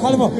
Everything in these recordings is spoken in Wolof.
Calma.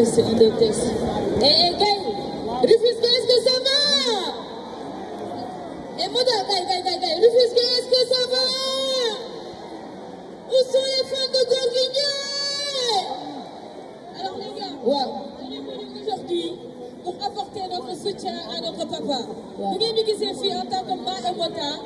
de solidarité. Et Rufus, refuse est-ce que ça va Et Moda, Kay, Kay, Kay, Rufus, refuse est-ce que ça va Où sont les fans de Gorguigné Alors les gars, on est venus aujourd'hui pour apporter notre soutien à notre papa. Vous avez vu s'est c'est en tant que ma et motard.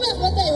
河北。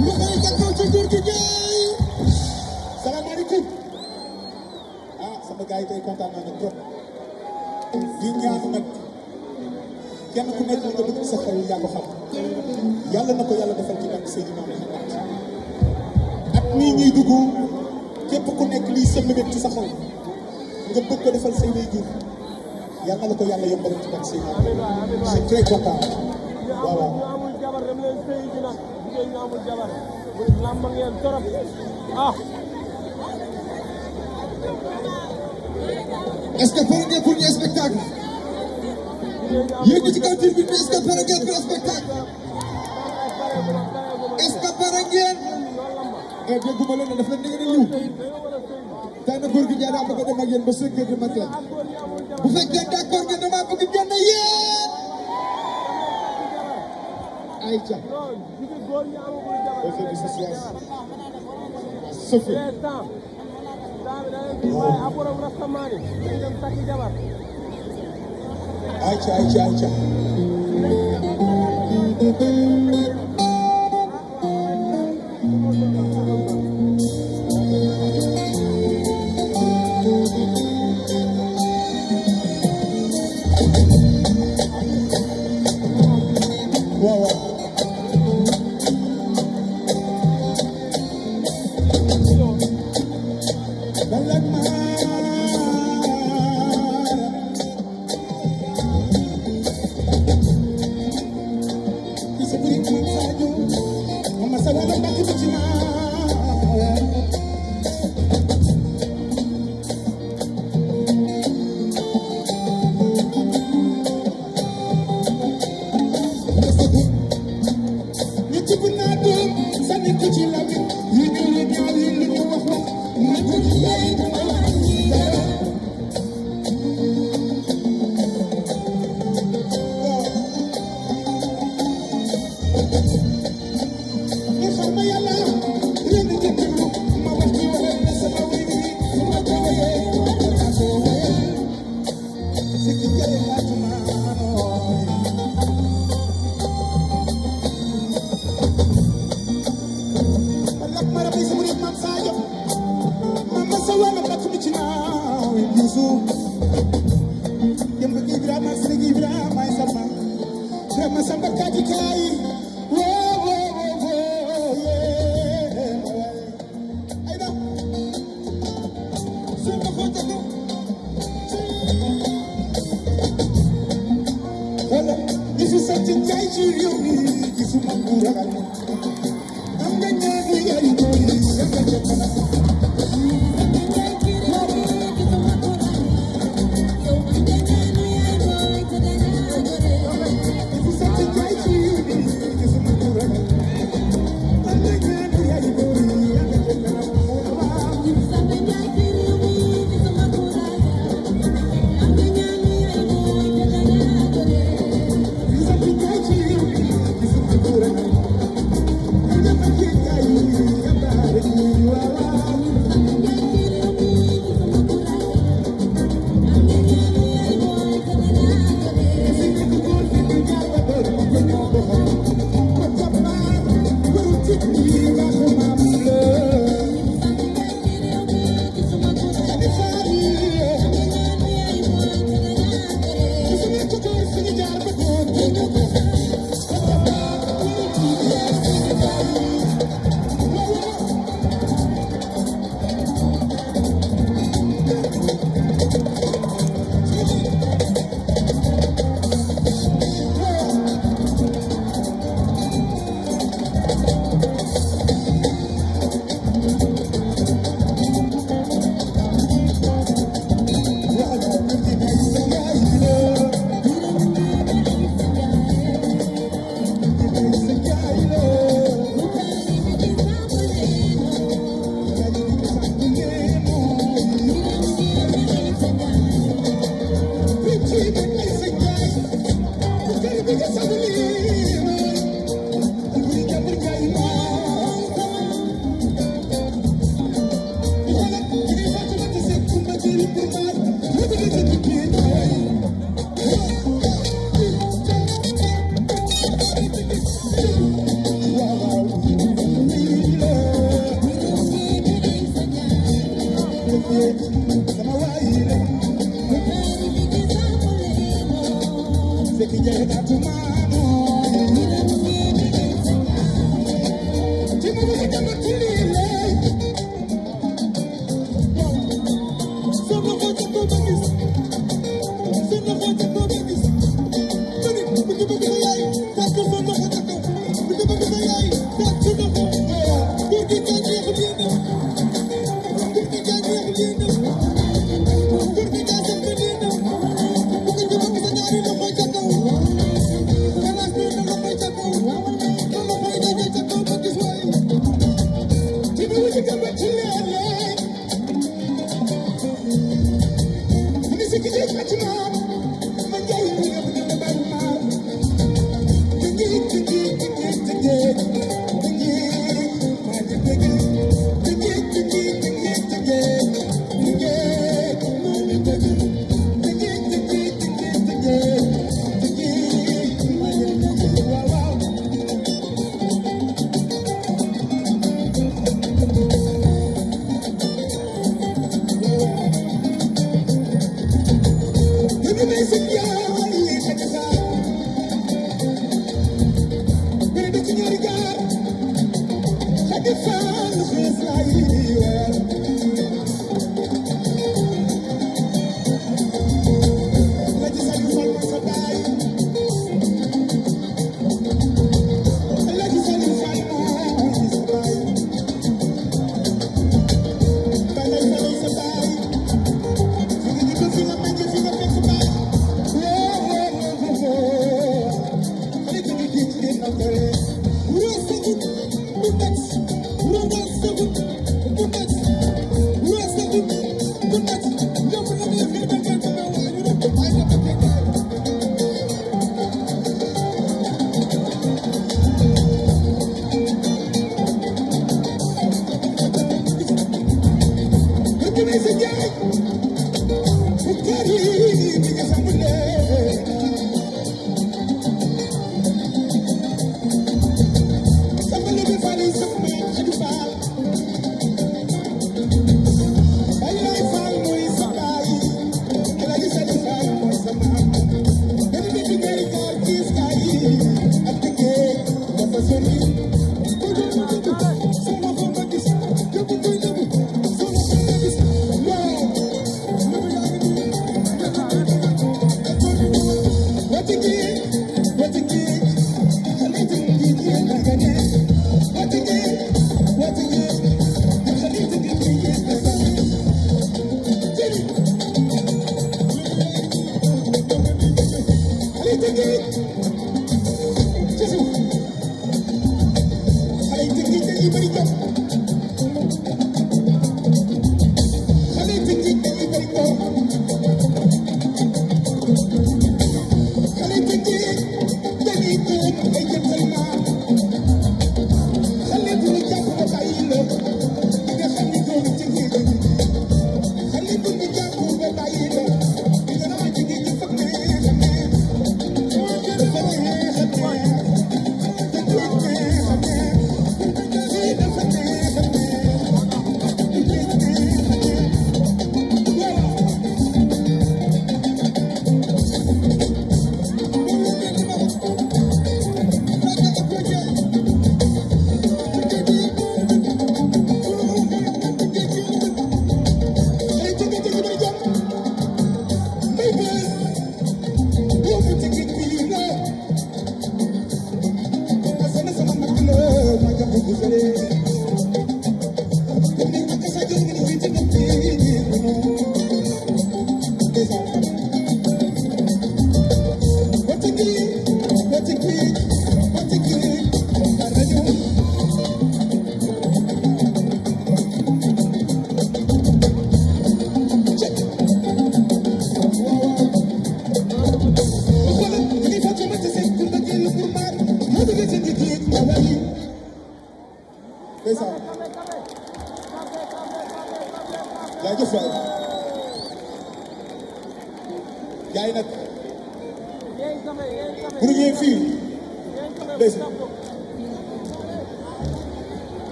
lu koy gàttal ci góor gi gaay salaamaaleykum ah sama gars yi tey kontaan naa nag trop di ñaan nag kenn ku nekk li nga bëgg sa xol yàlla na ko yàlla defal ci barke Seydina Muhammad at mii ñuy dugg képp ku nekk liy sëmbëgët ci ko defal say yàlla na ko yàlla yombal ci barke Seydina Muhammad c'est très jigéen ñu amul jabar bu làmb ngeen torop ah est-ce que pare ngeen pour ñu spectacle yéen ñi ci kaw tribune bi est-ce que pare ngeen pour spectacle est-ce que pare ngeen e dégguma leen daf leen da ngeen a liw daana góor gi jaara bëgg a dem ak yéen ba cinq heures du matin bu fekkee d'accord ngeen dama bëgg génn yéen ay ca Efet de sosyans Sofi Ayça ayça ayça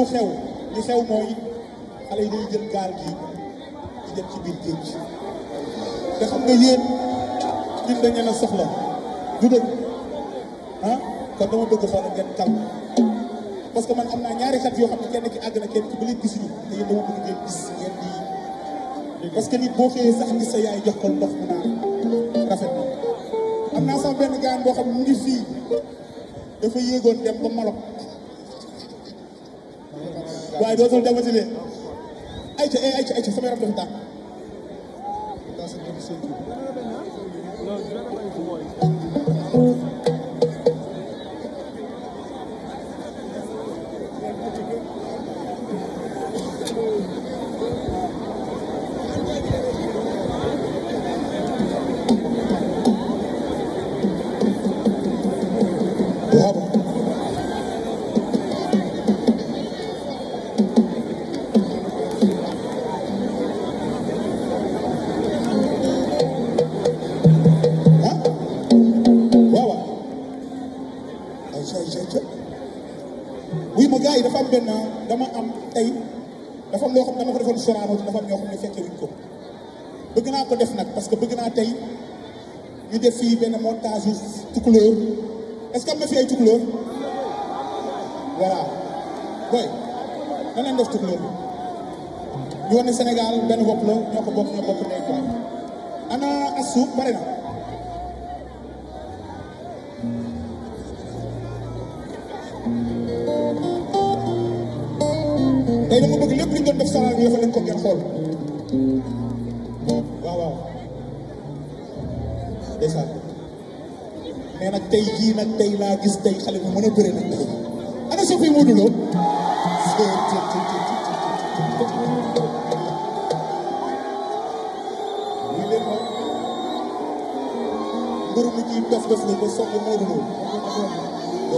lu xew li xew mooy xale yi day jël gaal gi di dem ci biir géej te xam nga yéen ñun dañu la soxla du dëgg ah kon dama bëgg xool ngeen kal parce que man am naa ñaari xat yoo xam ne kenn ki àgg na kenn ki ba léegi gisuñu que nit boo xëyee sax ni jox ko ndox rafet na benn gaan boo xam ne ngi fii dafa yéegoon dem ba Maroc dootul demati de ayca ayca ayca sama yaram dafa tàng de def fii benn montage tukulóor est-ce que am na fi ay tukulóor voilà boy na leen def tukulóor ñu wax senegal Sénégal benn bopp la ñoo ko bokk ñoo bokk quoi ana Assou pare na tey dama bëgg lépp lu ñu doon def saa yoo xam ko ngeen xool waaw waaw ndeysaan mais nag tey jii nag tey laa gis tey xale bu mën a bëre nag tey ana sofi Modou Lo mbër mi ci dof dof la ba soog Modou Lo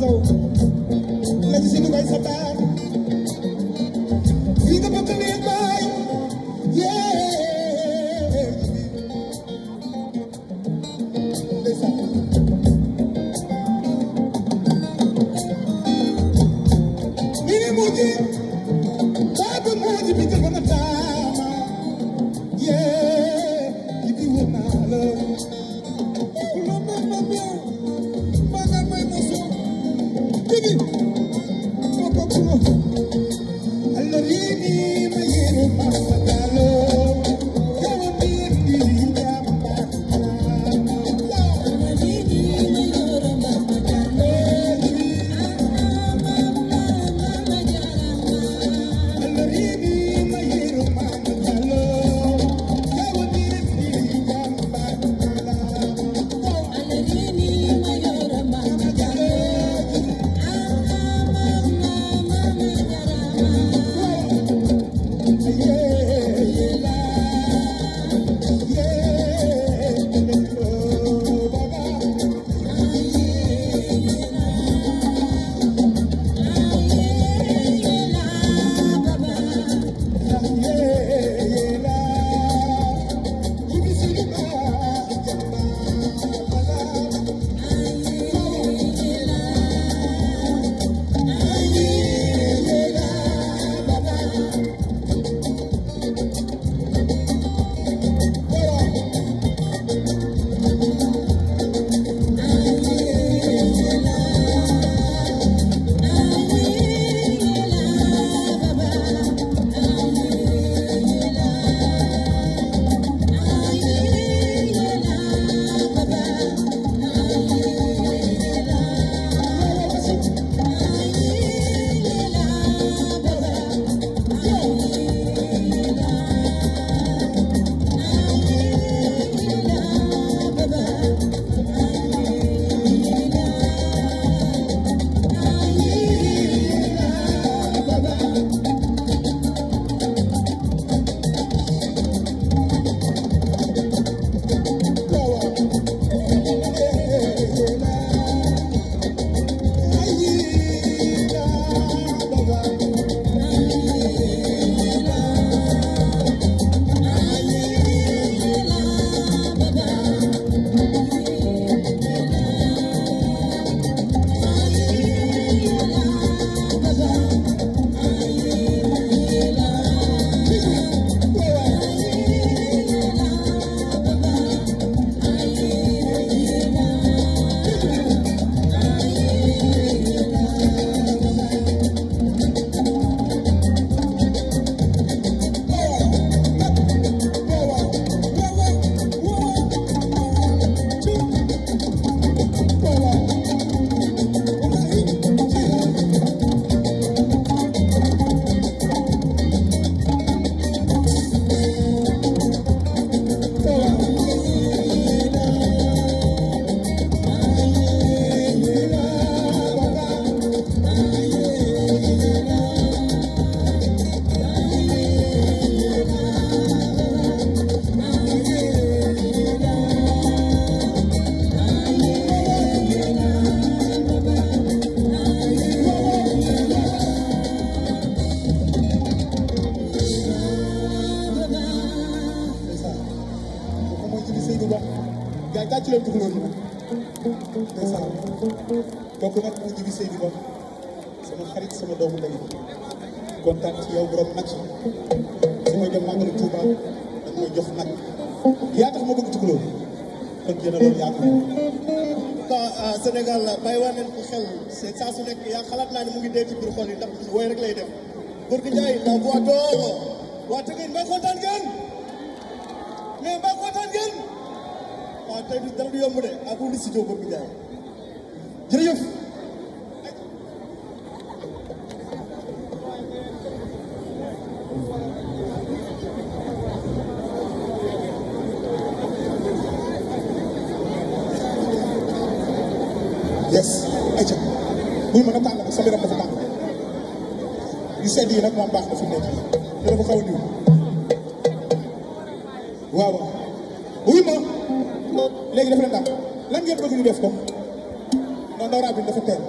soul. Let's sing it, kooku nag moo jigi Seydou Ba sama xarit sama doomu ndey kontaan ci yow borom nag su may dem màggalu Tuuba dañ ma bëgg tukulóor kon jëna loolu yaa ko Sénégal bàyyiwaat nañ ko xel c'est saa su nekk yaa xalaat naa ne mu ngi dee ci biir xol yi ndax woy rek lay def góor gi Njaay la voix d'or waa Tëngéej yomb de ak wu si jóg góor gi sedd yi nag baax na fi nekk te dafa xaw a diw waaw wuyu ma léegi dafa leen lan ngeen bëgg ñu def ko non ndawraat bi dafa teel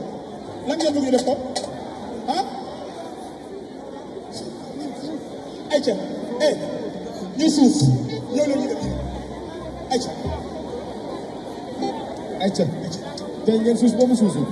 lan ngeen bëgg ñu def ko ah ayca eh ñu suuf ñoo leen def ayca ayca ayca suuf ba mu suusul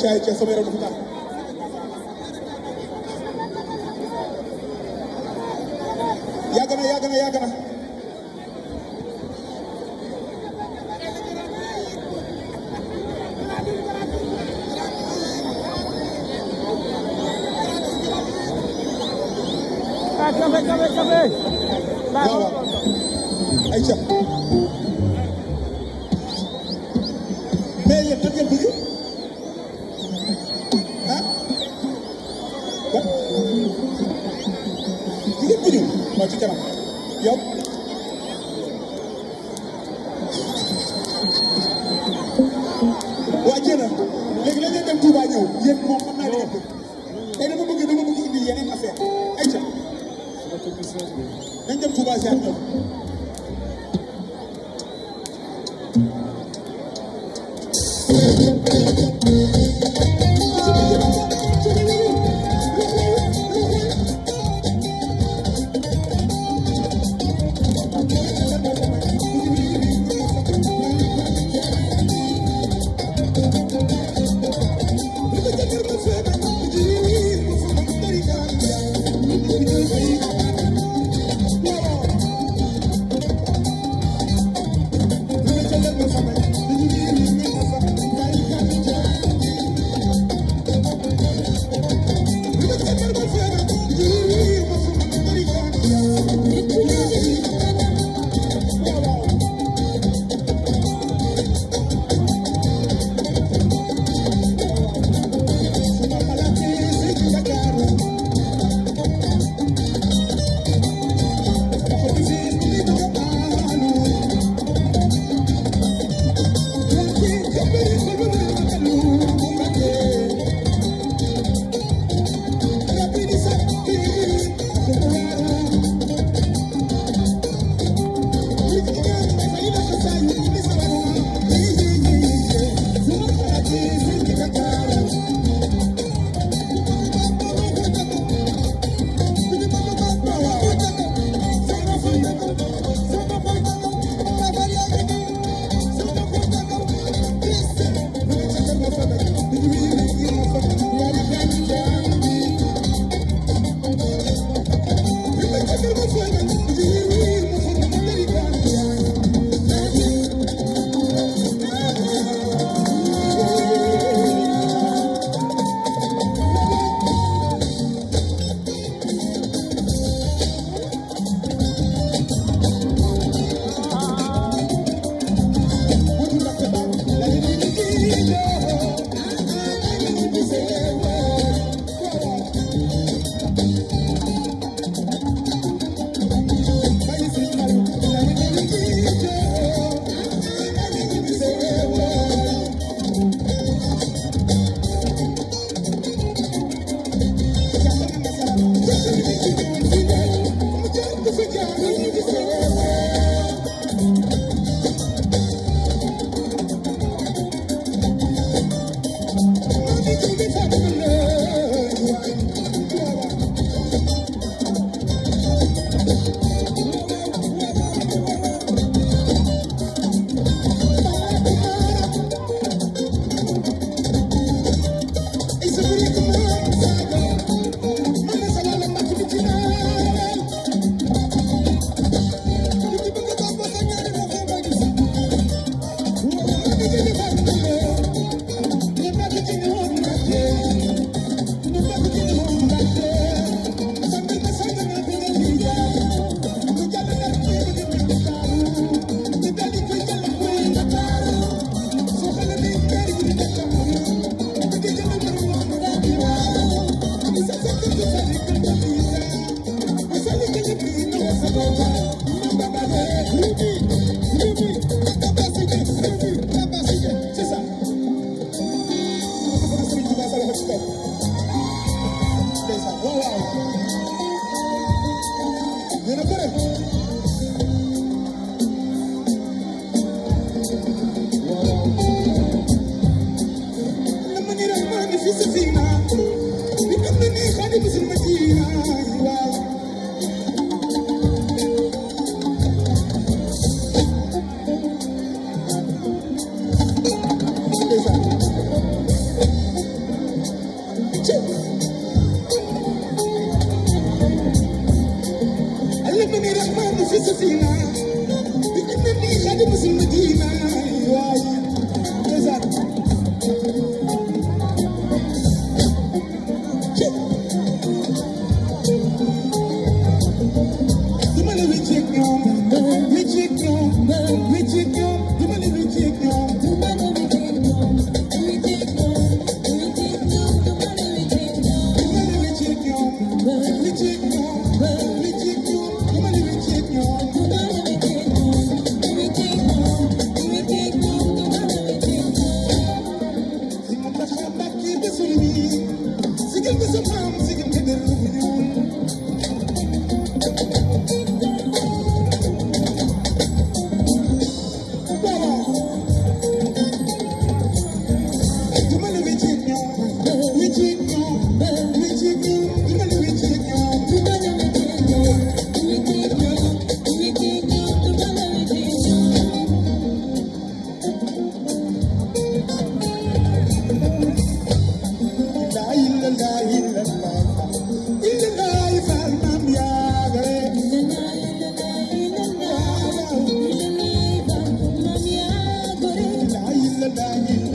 chat, essa é a melhor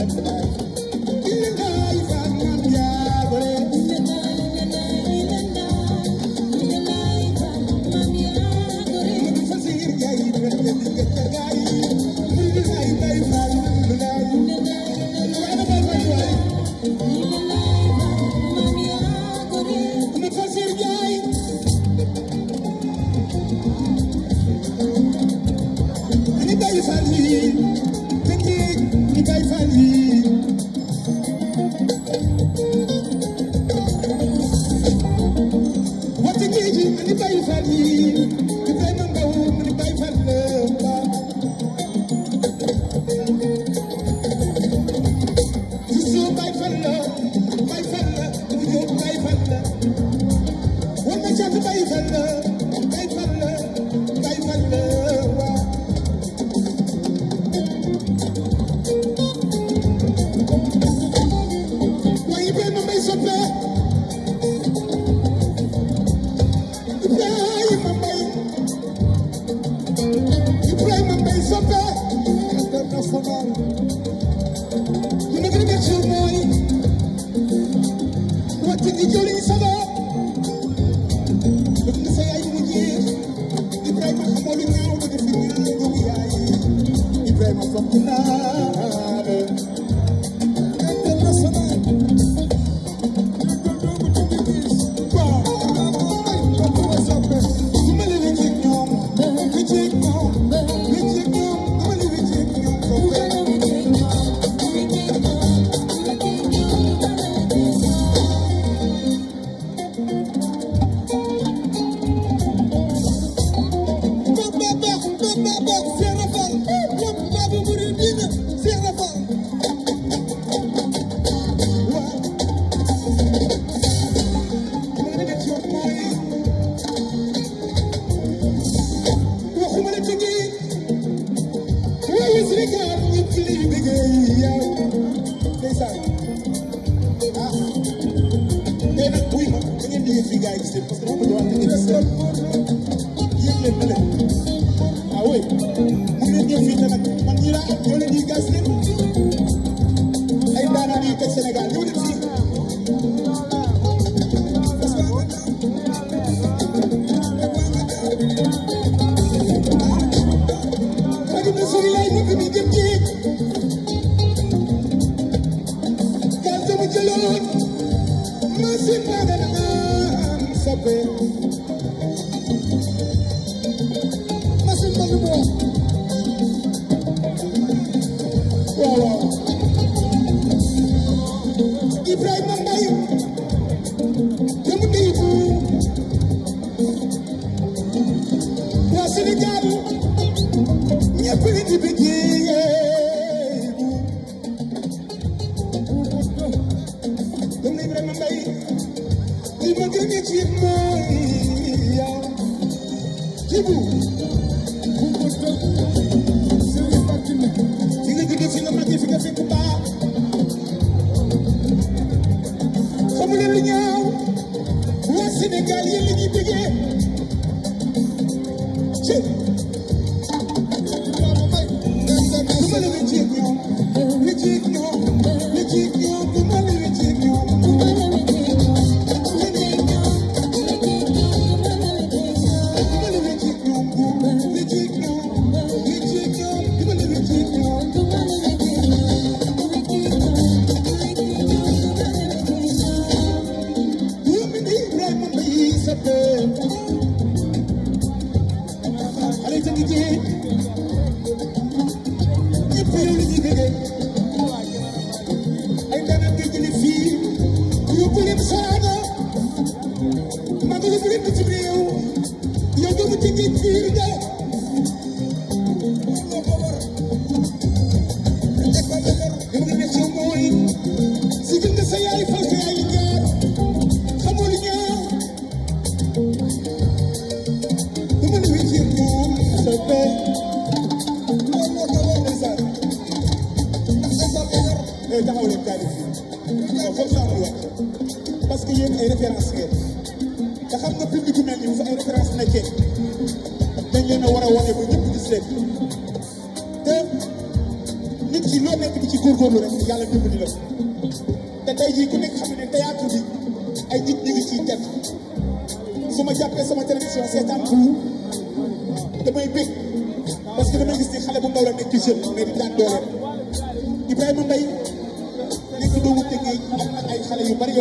Thank you.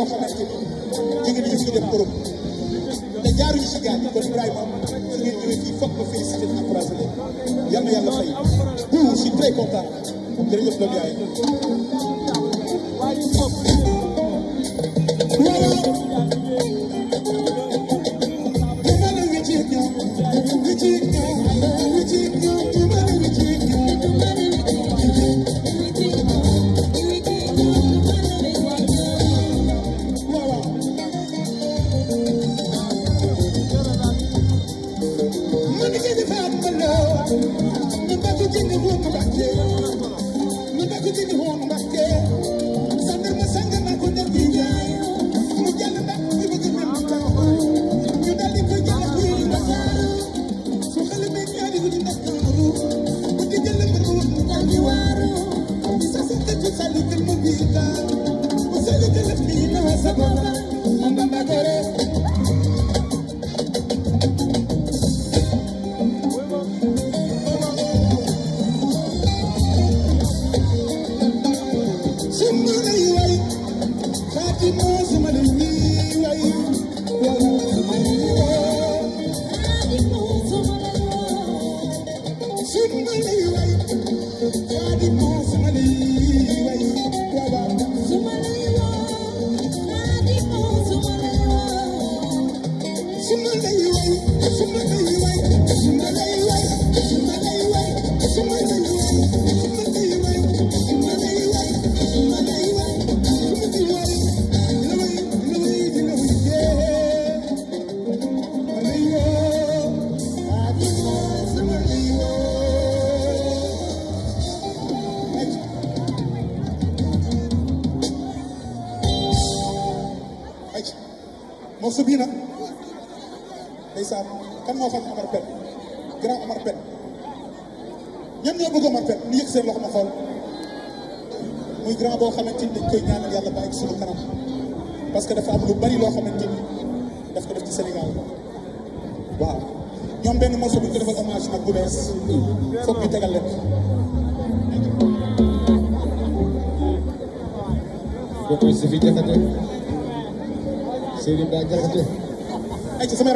yoo xamante ni jigéen ñi fi dem Europe te jaaruñu si gaal yi kon Ibrahima su ngeen ñëwee fii foog ma félicité encouragé leen yal na yàlla fay bu je suis très content jërëjëf doom yaay Binta Jaxate ay ci sama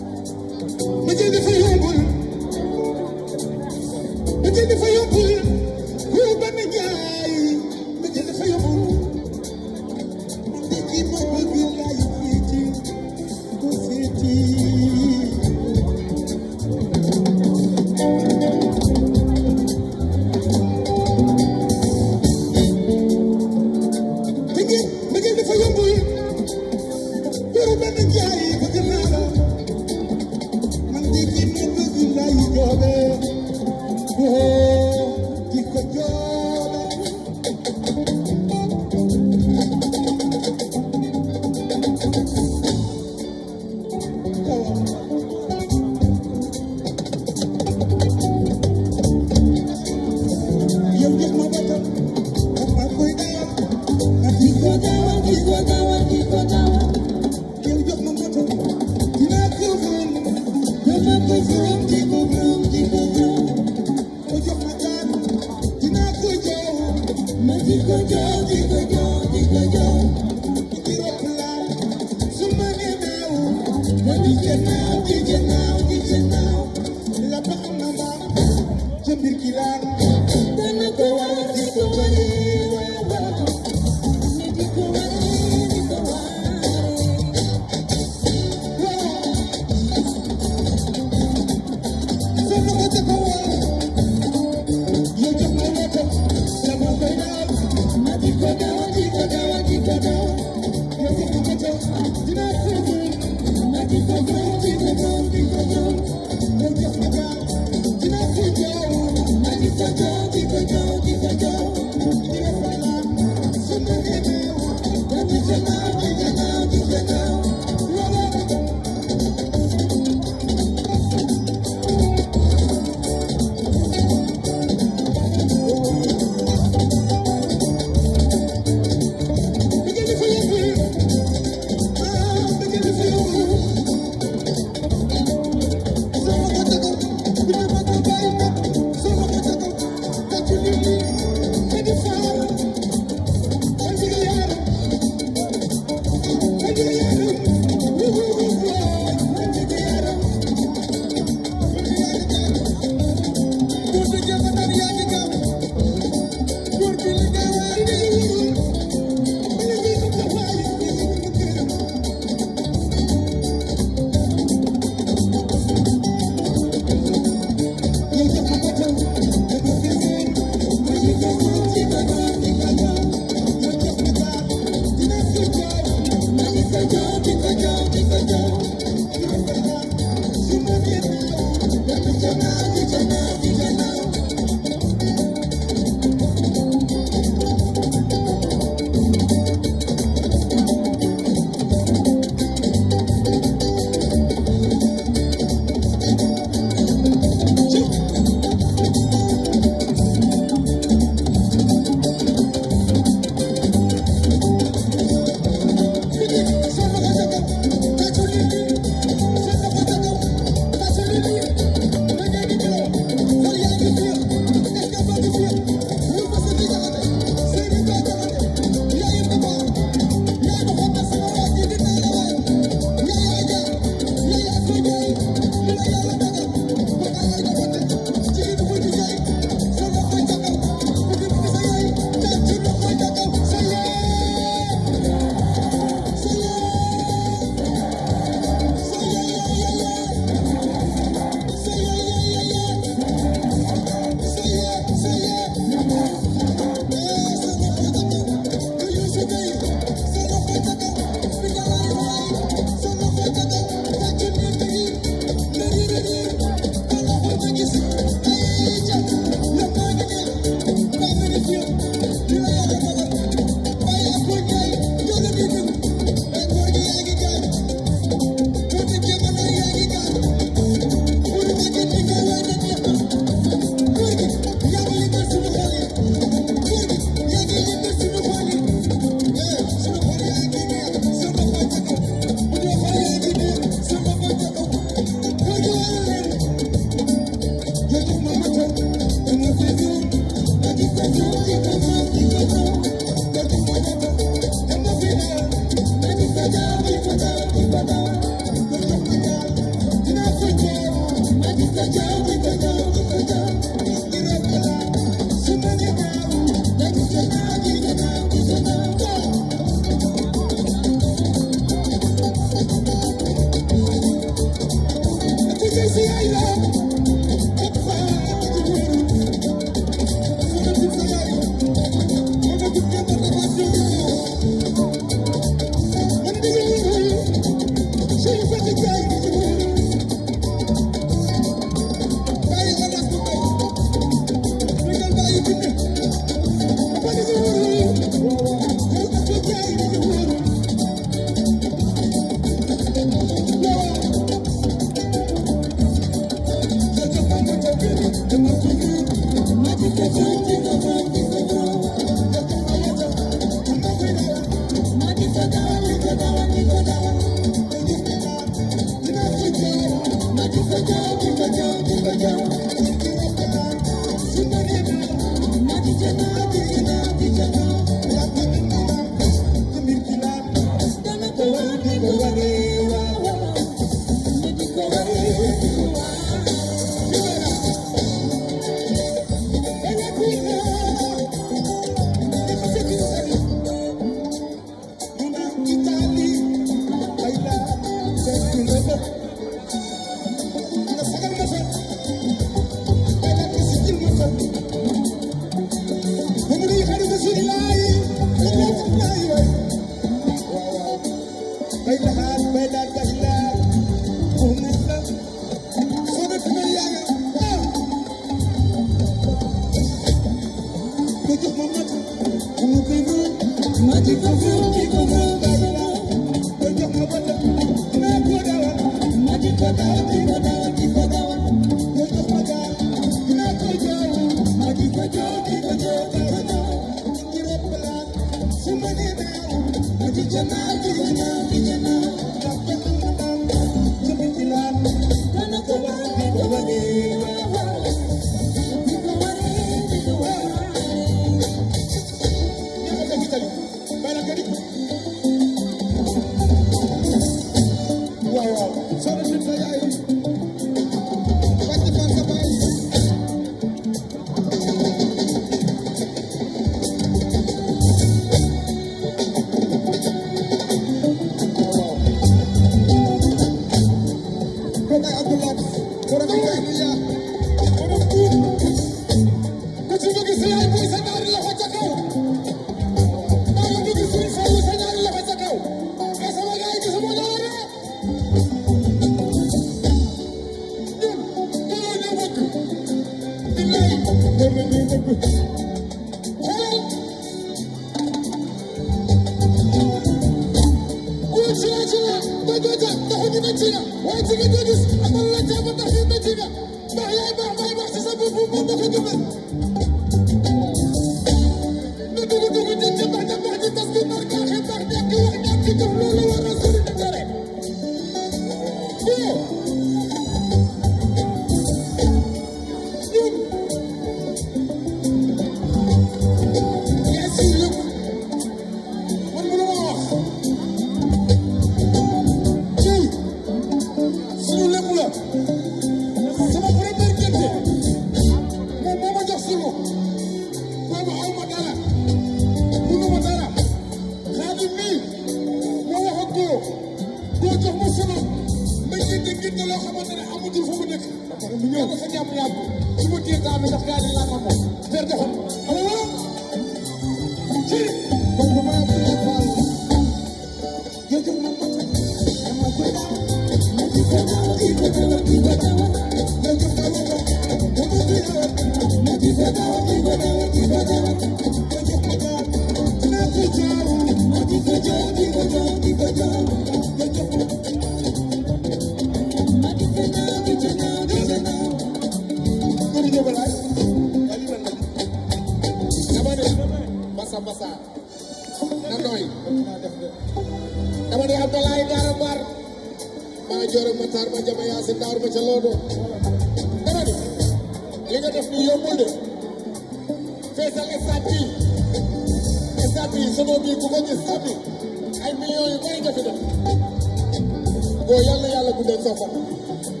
Thank you.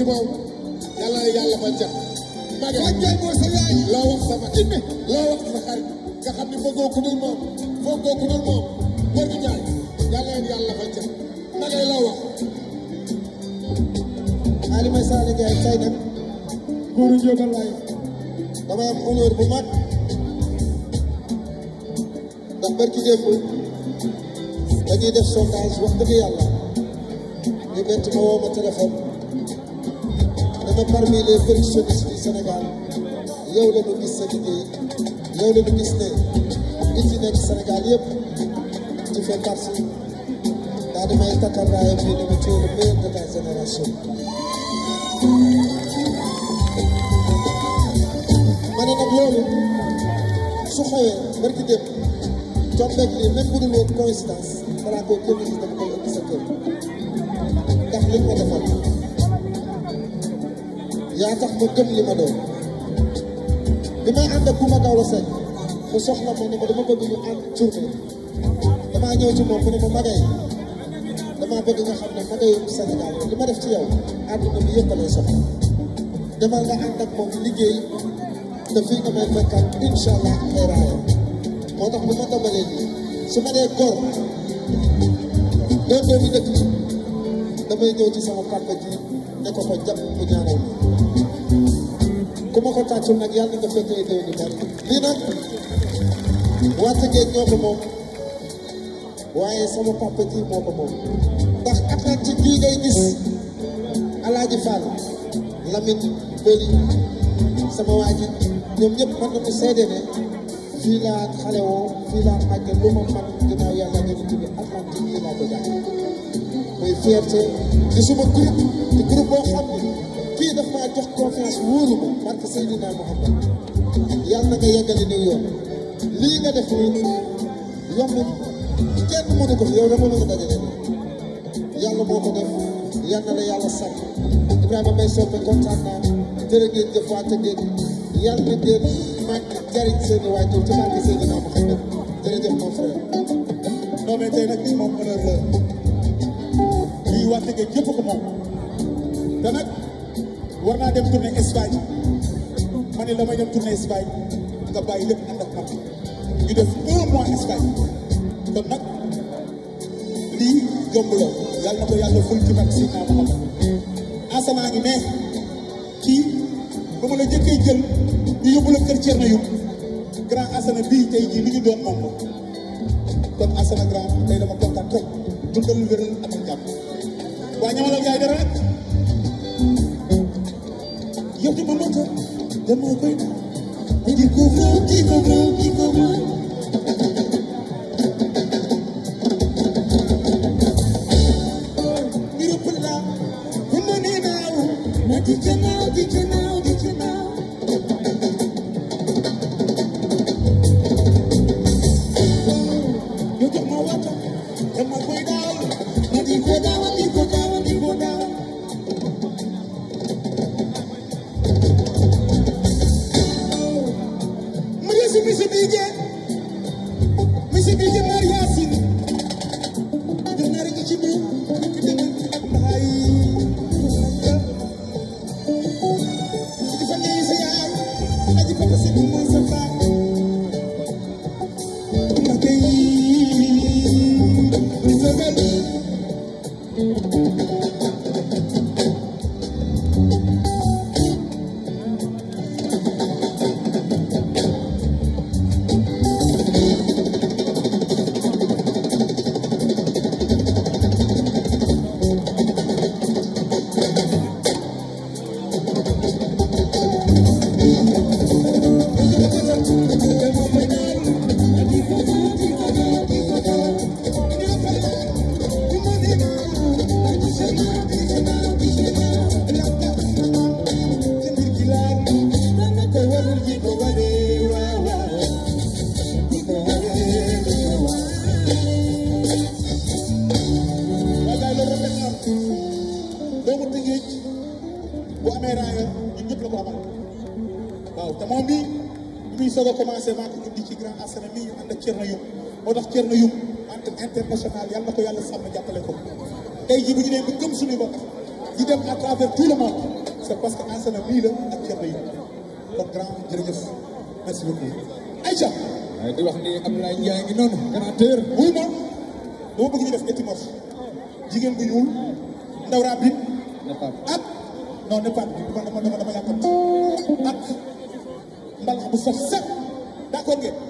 ci moom yàlla yàlla fa jàpp. Fajal mooy sa yaay. loo wax sama jinne loo wax sa xarit nga xam ne foogoo ku dul moom foogoo ku dul moom góor gi jaay yàlla yàlla fa jàpp na ngay loo wax. Alioune Sall Ndiaye tey nag góor yi jógal waay dama am honneur bu mag ndax barki démb dañuy def sondage wax dëgg yàlla ñu bett ma woo ma téléphone. était parmi les percussionnistes du Sénégal yow la ñu gis sa liggéey yow la ñu gis ne li fi nekk Sénégal yëpp tu fais partie daa di may takkal raayam bi ne ma tu es le meilleur de ta génération. ma ne nag loolu su xewee barki démb toog rek lii même bu dul woon coïncidence balaa koo yaa tax ma gëm li ma doon bi may ànd ak Coumba Gawlo Seck mu soxla ma ne ma dama bëgg ñu ànd tournée damaa ñëw ci moom mu ne ma magay damaa bëgg nga xam ne magayu Sénégal li ma def ci yow àdduna bi yëpp lay soxla demal nga ànd ak moom liggéey te fii nga may fekkaat incha allah ay raaya moo tax bu ma tàmbalee nii su ma dee góor doon doomi dëkk damay ñëw ci sama papa ji ne ko fa jàpp mu ñaanal ku ma ko tàccul nag yàlla nga fekkee déwén yu bari lii nag waa Tëngéej ñoo ko moom waaye sama papa ji moo ko moom ndax attaque ci bii ngay gis Alaaji Fall Lamine Beli sama waa ñoom ñëpp mën na ko seede ne fii laa xale woo fii laa màggee lu ma mën ginnaaw yàlla nga ñu tuddee Atlantique fii laa ko jàng muy di suma groupe groupe boo xam ne kii daf maa jox confiance wóoru ma barke Seydina Muhammad yàlla na nga yeggali New York lii nga def nii yomb kenn mënu ko fi yow dama mën a dajale yàlla moo ko def yal na la yàlla sax Ibrahima may soppe kontaan naa jërë ngeen jëf waate ngeen yàlla na ngeen màgg jariñ seen i waajur ci barke Seydina Muhammad jërëjëf mon frère non mais tey nag moom honneur la lii waate ngeen jëpp ko moom te nag war naa dem tournée Espagne ma ne damay dem tournée Espagne nga bàyyi lépp ànd ak man ñu def un mois Espagne kon nag lii jomb la yàlla na ko yàlla ful ci mag si naa ma asamaa ngi mais kii ba ma la jëkkee jël ñu yóbbu la kër Thierno yu grand asana bii tey jii li ñu doon moom kon asana grand tey dama kontaan trop dundal wéral ak jàmm waa ñamalal yaay dara de ma vie. Et découvrons, découvrons, découvrons. grand asana nii ñu and ak Thierno mo tax Thierno Youm ant international yalla ko yalla sam jappale ko tay ji bu ñu nee ba gëm suñu bokk di dem à travers tout le monde c'est parce que asana mi la ak Thierno Youm ko grand jërëjëf merci beaucoup. Aïcha. ay di wax ni Abdoulaye Ndiaye ngi non, ganateur. wuy ma dama bëgg ñu def ci mor jigen bu ñuul ndaw rapide. ak non ne pas dama dama dama yàqoon ak mbal bu saf saf d'accord ngeen.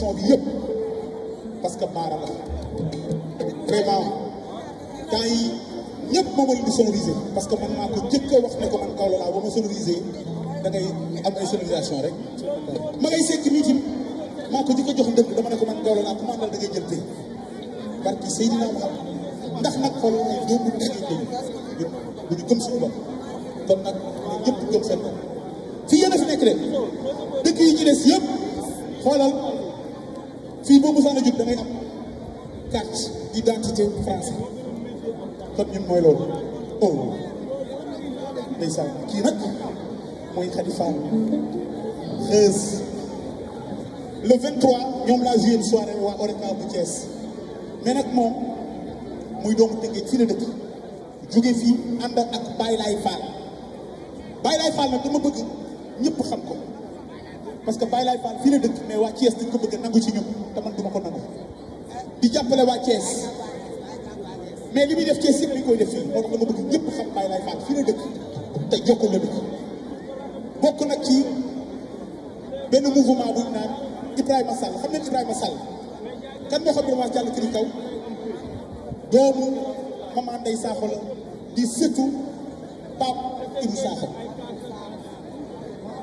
son bi yëpp parce que baara la vraiment temps yi ñëpp moom la ñu parce que man maa ko jëkk a wax ne ko man Kaolack laa ba ma sonorisé da ngay am rek ma ngay sekk nit yi maa ko jëkk a jox ndëgg dama ne ko man Kaolack laa ku ma àndal da ngay jël tey barki Seydina Muhammad ndax nag xoolal ay doomu kon ñun mooy loolu oh ndeysaan kii nag mooy Khady Fall xees le 23 ñoom laa joué soirée waa Oreca bu cees mais nag moom muy doomu Tëngéej fii la dëkk jóge fii ànd ak Baye Laye Fall Baye Laye Fall nag dama bëgg ñëpp xam ko parce que Baye Laye Fall fii dëkk mais waa Thiès dañ ko bëgg nangu ci ñun te man duma ko nangu di jàppale waa Thiès mais li muy def ci sib mi koy def fii moo tax dama bëgg ñëpp xam Baye fii la dëkk te jokkul la dëkk bokk nag ci benn mouvement bu ñu naan Ibrahima Sall xam ngeen Ibrahima Sall kan moo xam Ibrahima Sall kii kaw doomu maman Ndeye Sakho la di sëtu Pape Ibou Sakho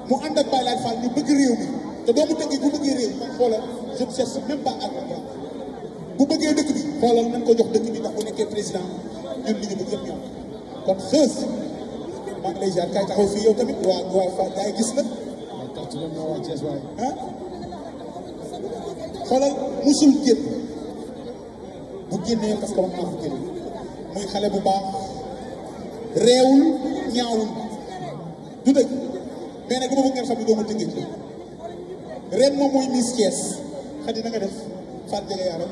mu ànd ak Baye Laye Fall ñu réew mi te doomu tënk bu bëgg réew man xoola je ne cherche même bu bëggee dëkk bi xoolal nañ ko jox dëkk bi ndax bu nekkee président ñun li bëgg yëpp kon xees maa ngi lay yow tamit waa waa fa gis na ah xoolal musul génn bu génnee parce que man maa ko génn muy xale bu baax réewul ñaawul du dëgg mais nag dama bëgg ngeen xam ne doomu tëngëj ren moom mooy Miss Thiès xadi na nga def Fatou Ndiaye yaaram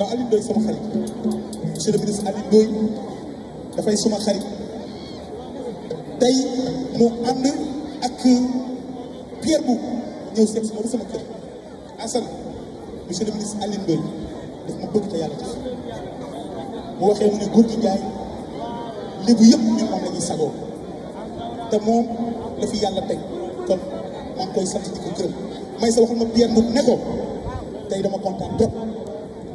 ndax Alioune Ndoye sama xarit monsieur le ministre Alioune Ndoye dafay sama xarit tey mu ànd ak Pierre bu ñëw seet si ma sama kër Assane monsieur le ministre Alioune Ndoye ma bëgg te yàlla tax mu waxee mu ne góor gi Njaay léegi yëpp ñun moom la ñuy sagoo te la fi yàlla teg kon maa koy sant di ko gërëm may sa ma Pierre bu ne ko tey dama kontaan trop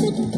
Thank you.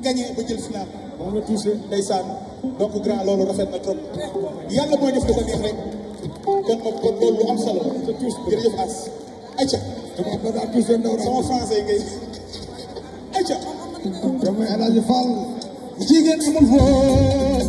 gagné ba jël final. moom la touché ndeysaan donc grand a rafet na trop yàlla mooy def ko ba neex rek kon kon loolu lu am solo la jërëjëf As. ayca dama ko daa touché ndaw sama français ngay ayca. damay El Hadj Fall jigéen amul foo.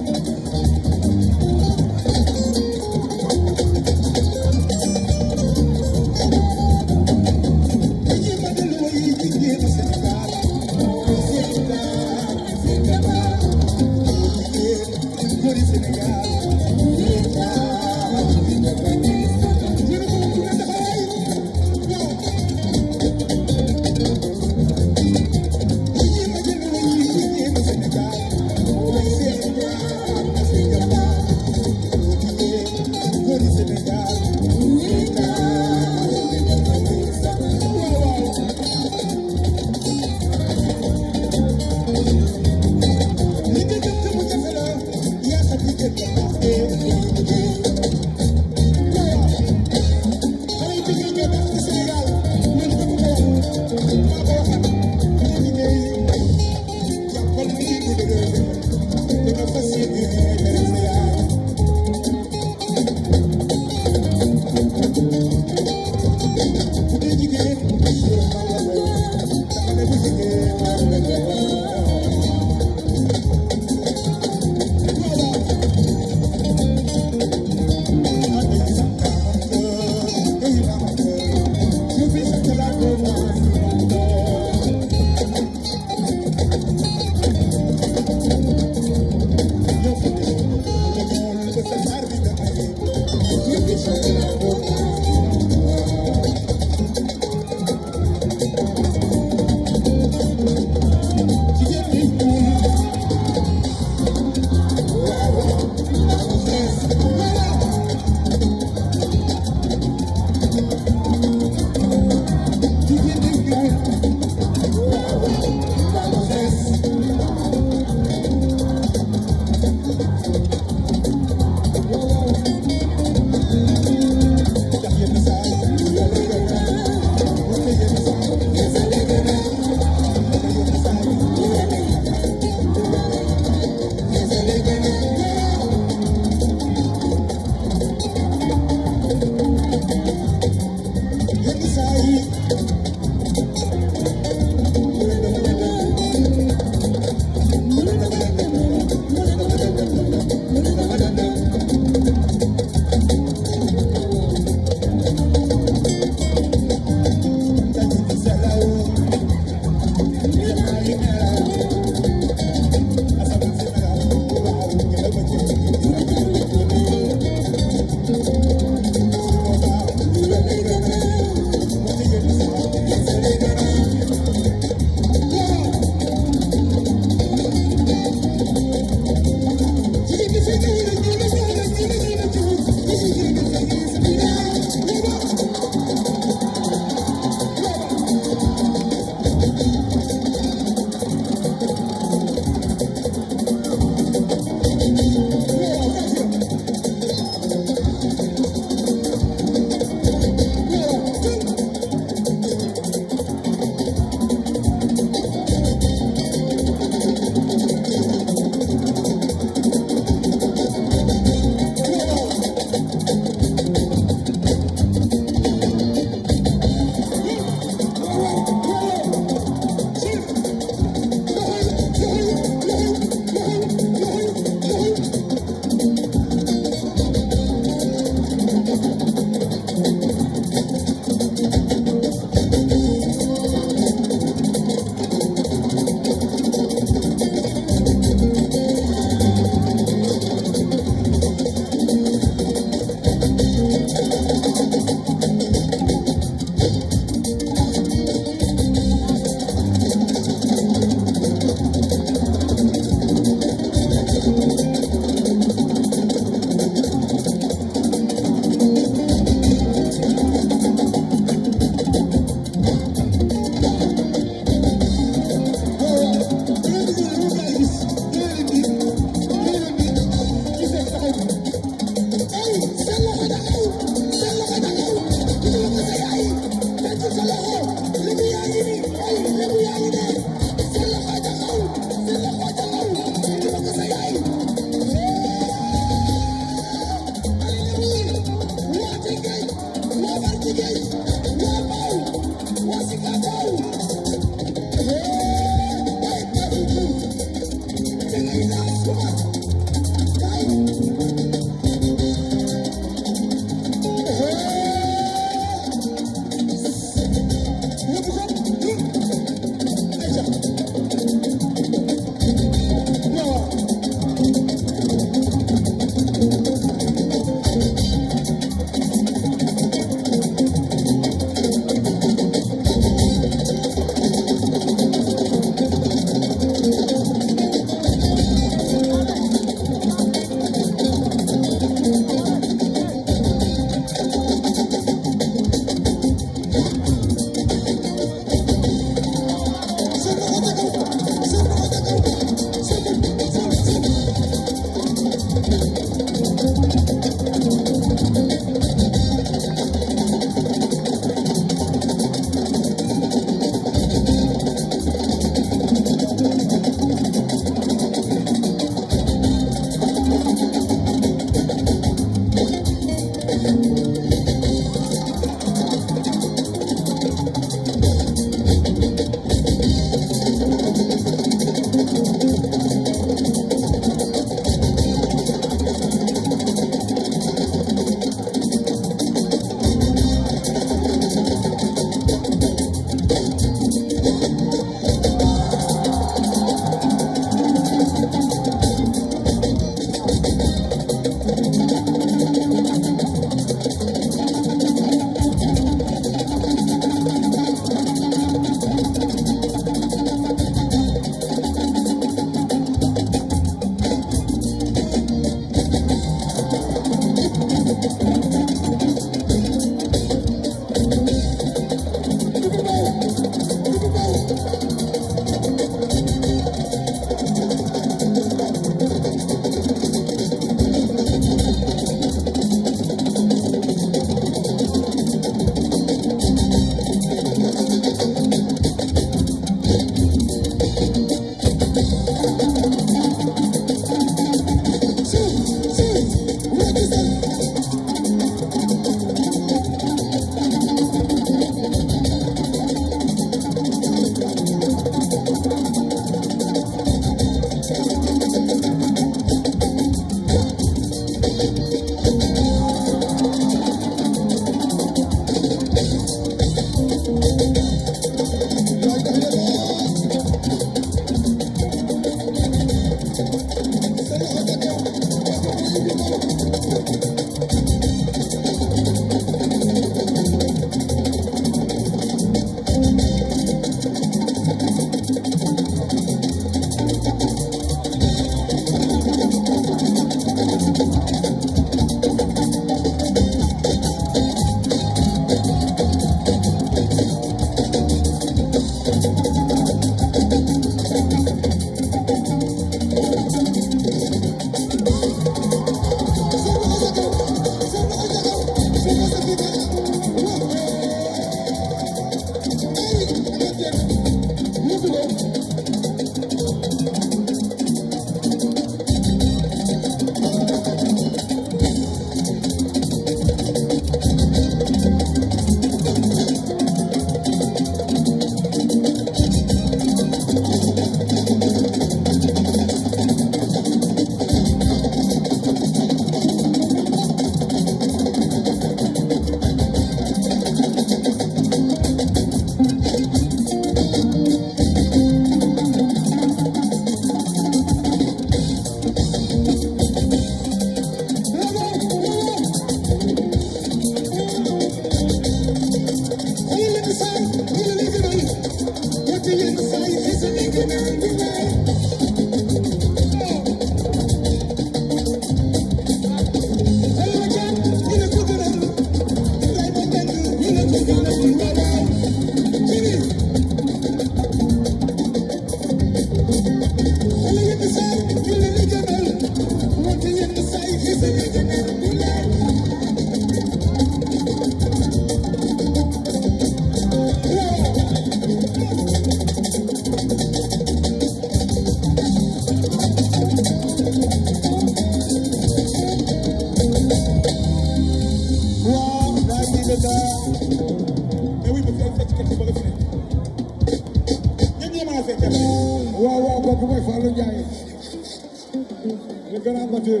grand amateur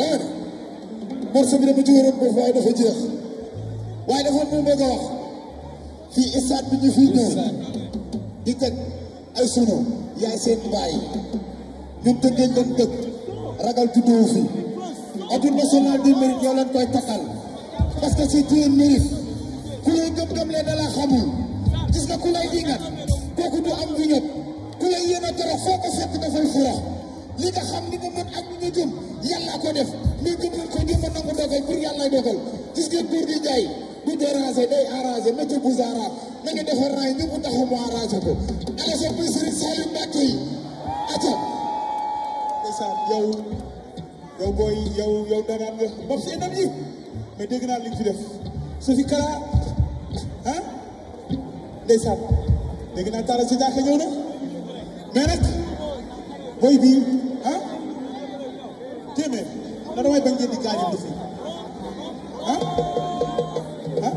ah morceau bi dama ci dafa jeex waaye dafa moom bëgg a wax fii stade bi ñu fii ñëw di teg ay sono yaay seen mbaay ñun tëggee leen dëkk ragal juddoo fi ordre national du mérite ñoo leen koy takkal parce que c'est un ku lay gëm-gëm leen da xamul gis nga ku lay dingat kooku du am bu ku lay yéene trop foo ko fekk dafay fura li nga xam ni nga mën ak ko ala sa bay Serigne Saliou Mbacké yi aca ndeysaan yow yow booy yow yow danaan yo moom si enam yi mais naa li nga fi def su fi kala ah ndeysaan dégg naa taara si jaaka ñëw na mais nag booy bi ah téeméer na damay bañ ngeen di gaañu lu fi ah ah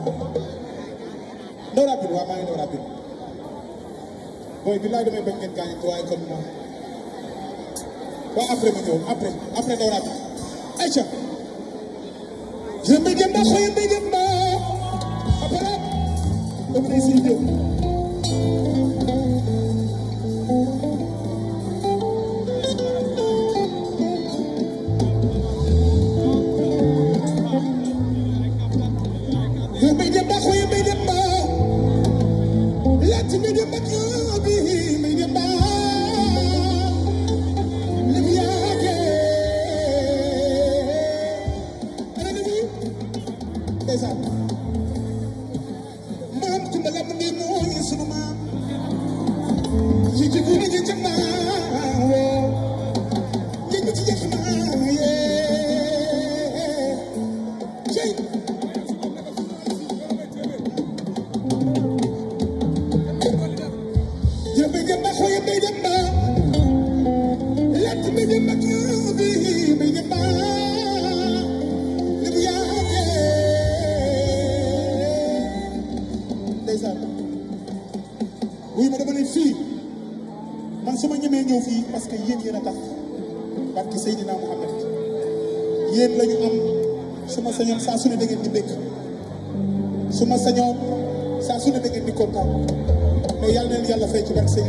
ndaw rapide waaw maa ngi ndaw rapide booy bi laay damay bañ ngeen gaañante waaye comme moom waaye après ma ñëw après après ndaw laa ayca.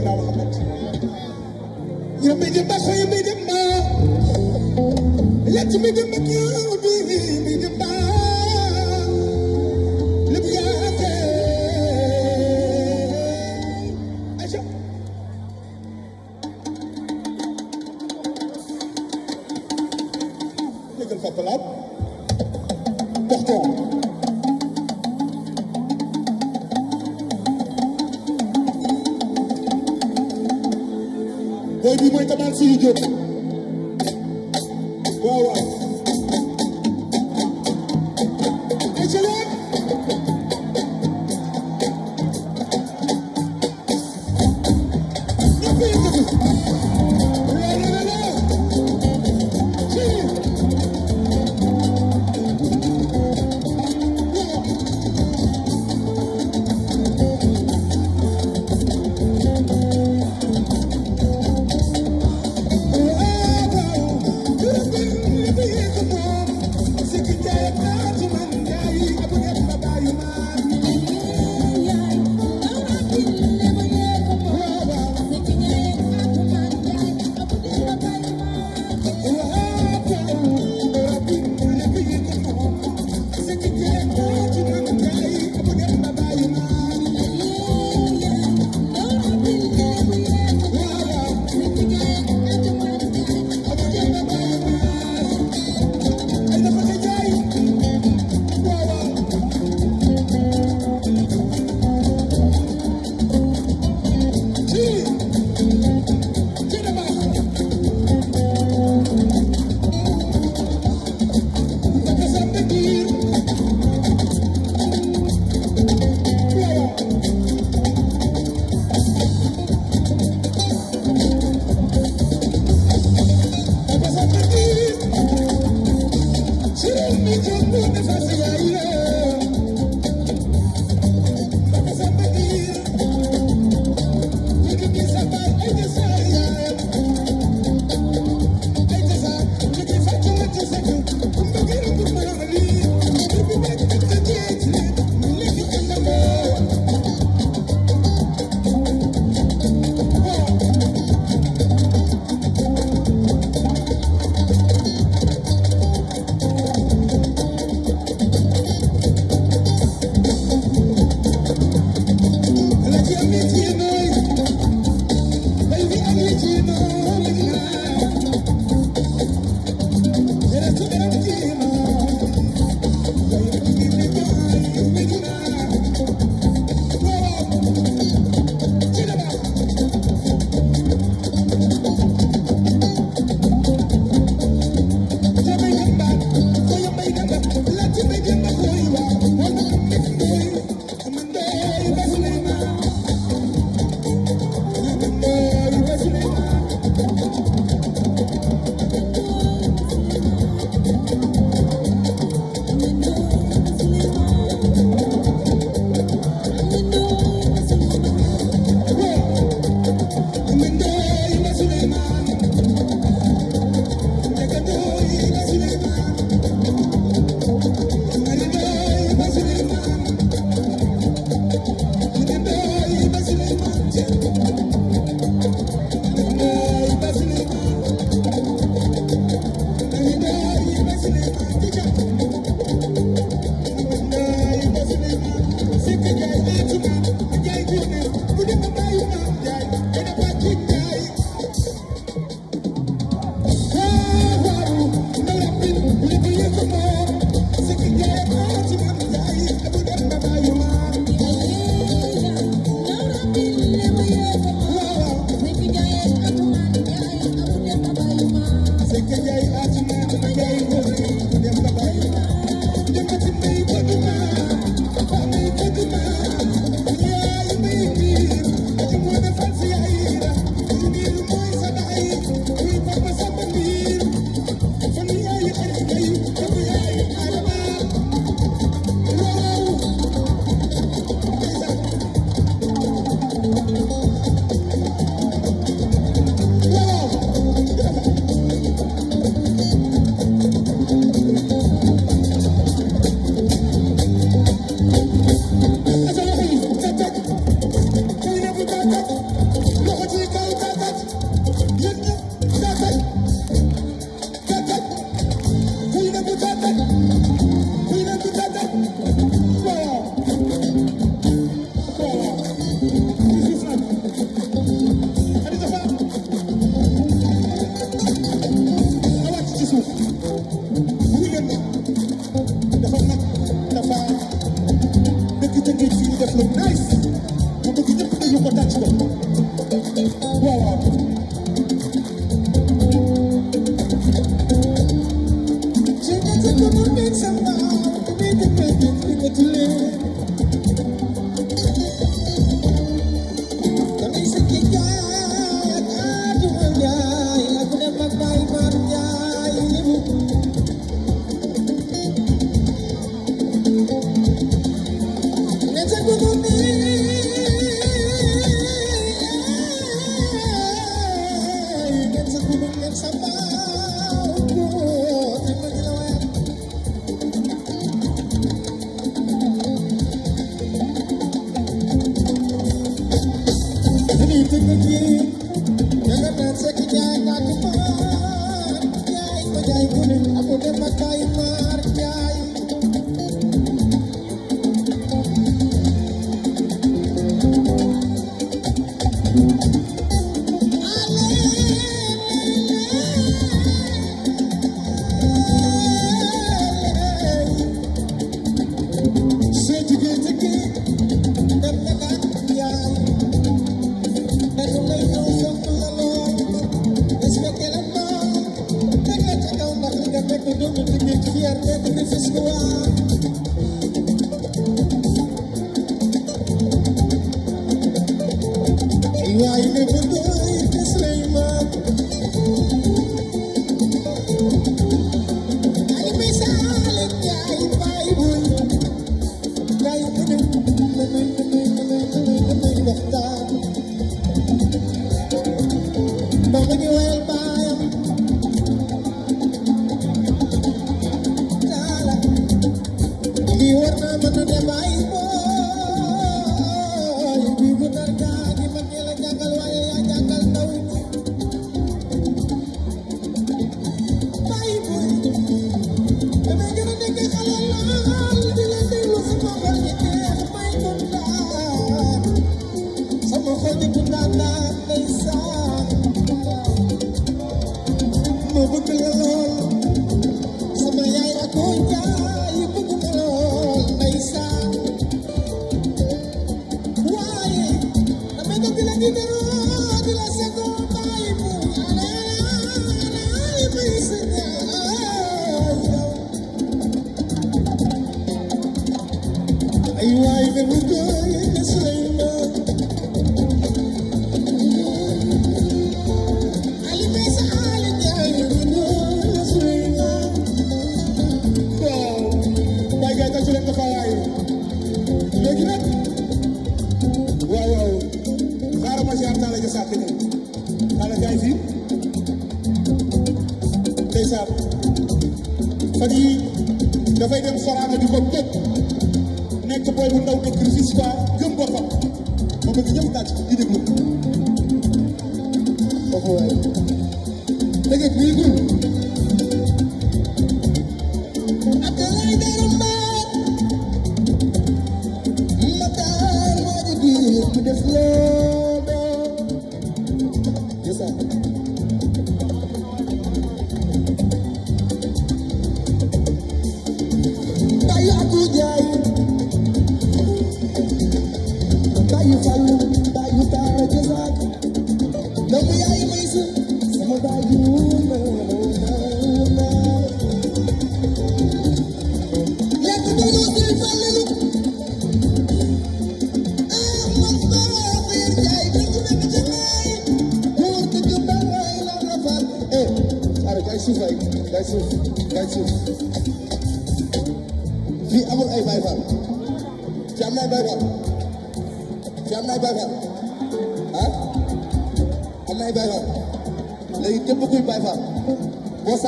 Allah'a emanet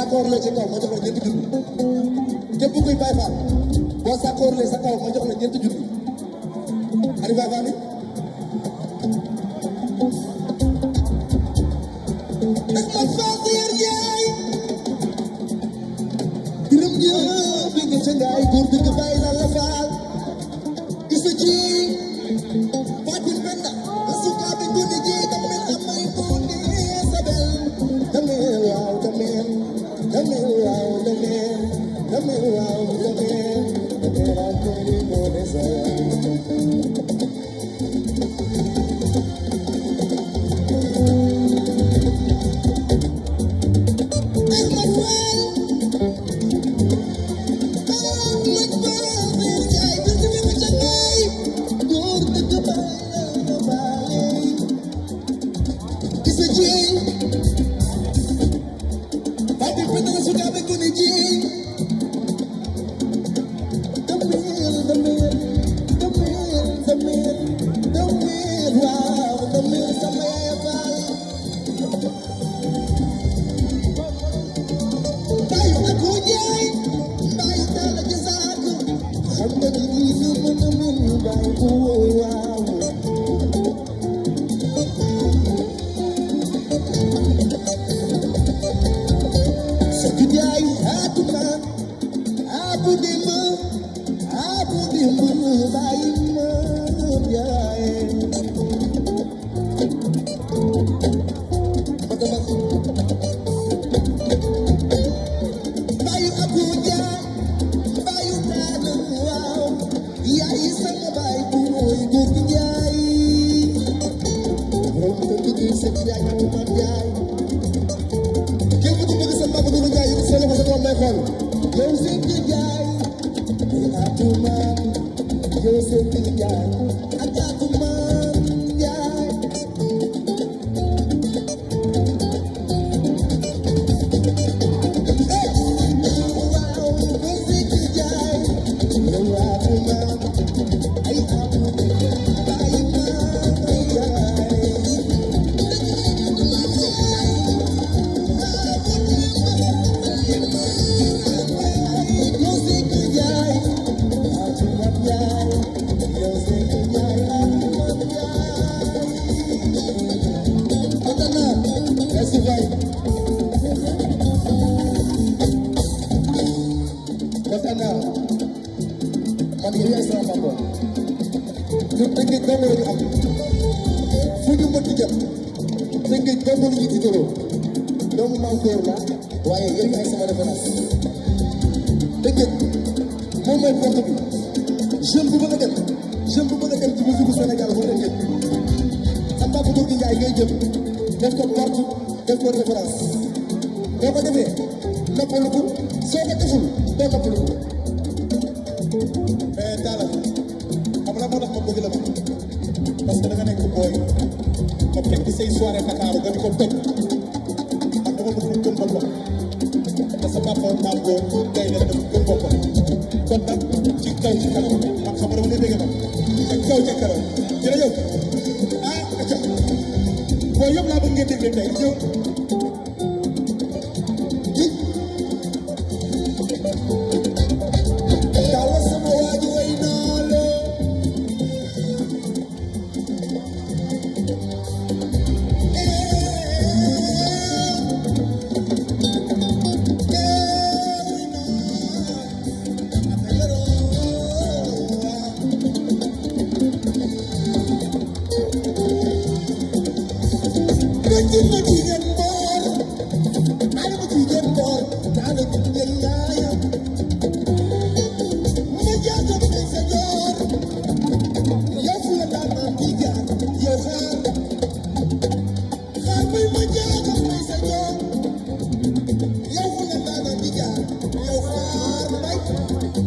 sàkkoorlee ci kaw ma jox la ñeenti junni képp kuy Baay Faal boo sàkkoorlee sa kaw ma jox la ñeenti junni around again, coming around again, the better pretty boy desire.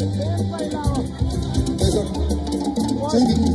Thank you.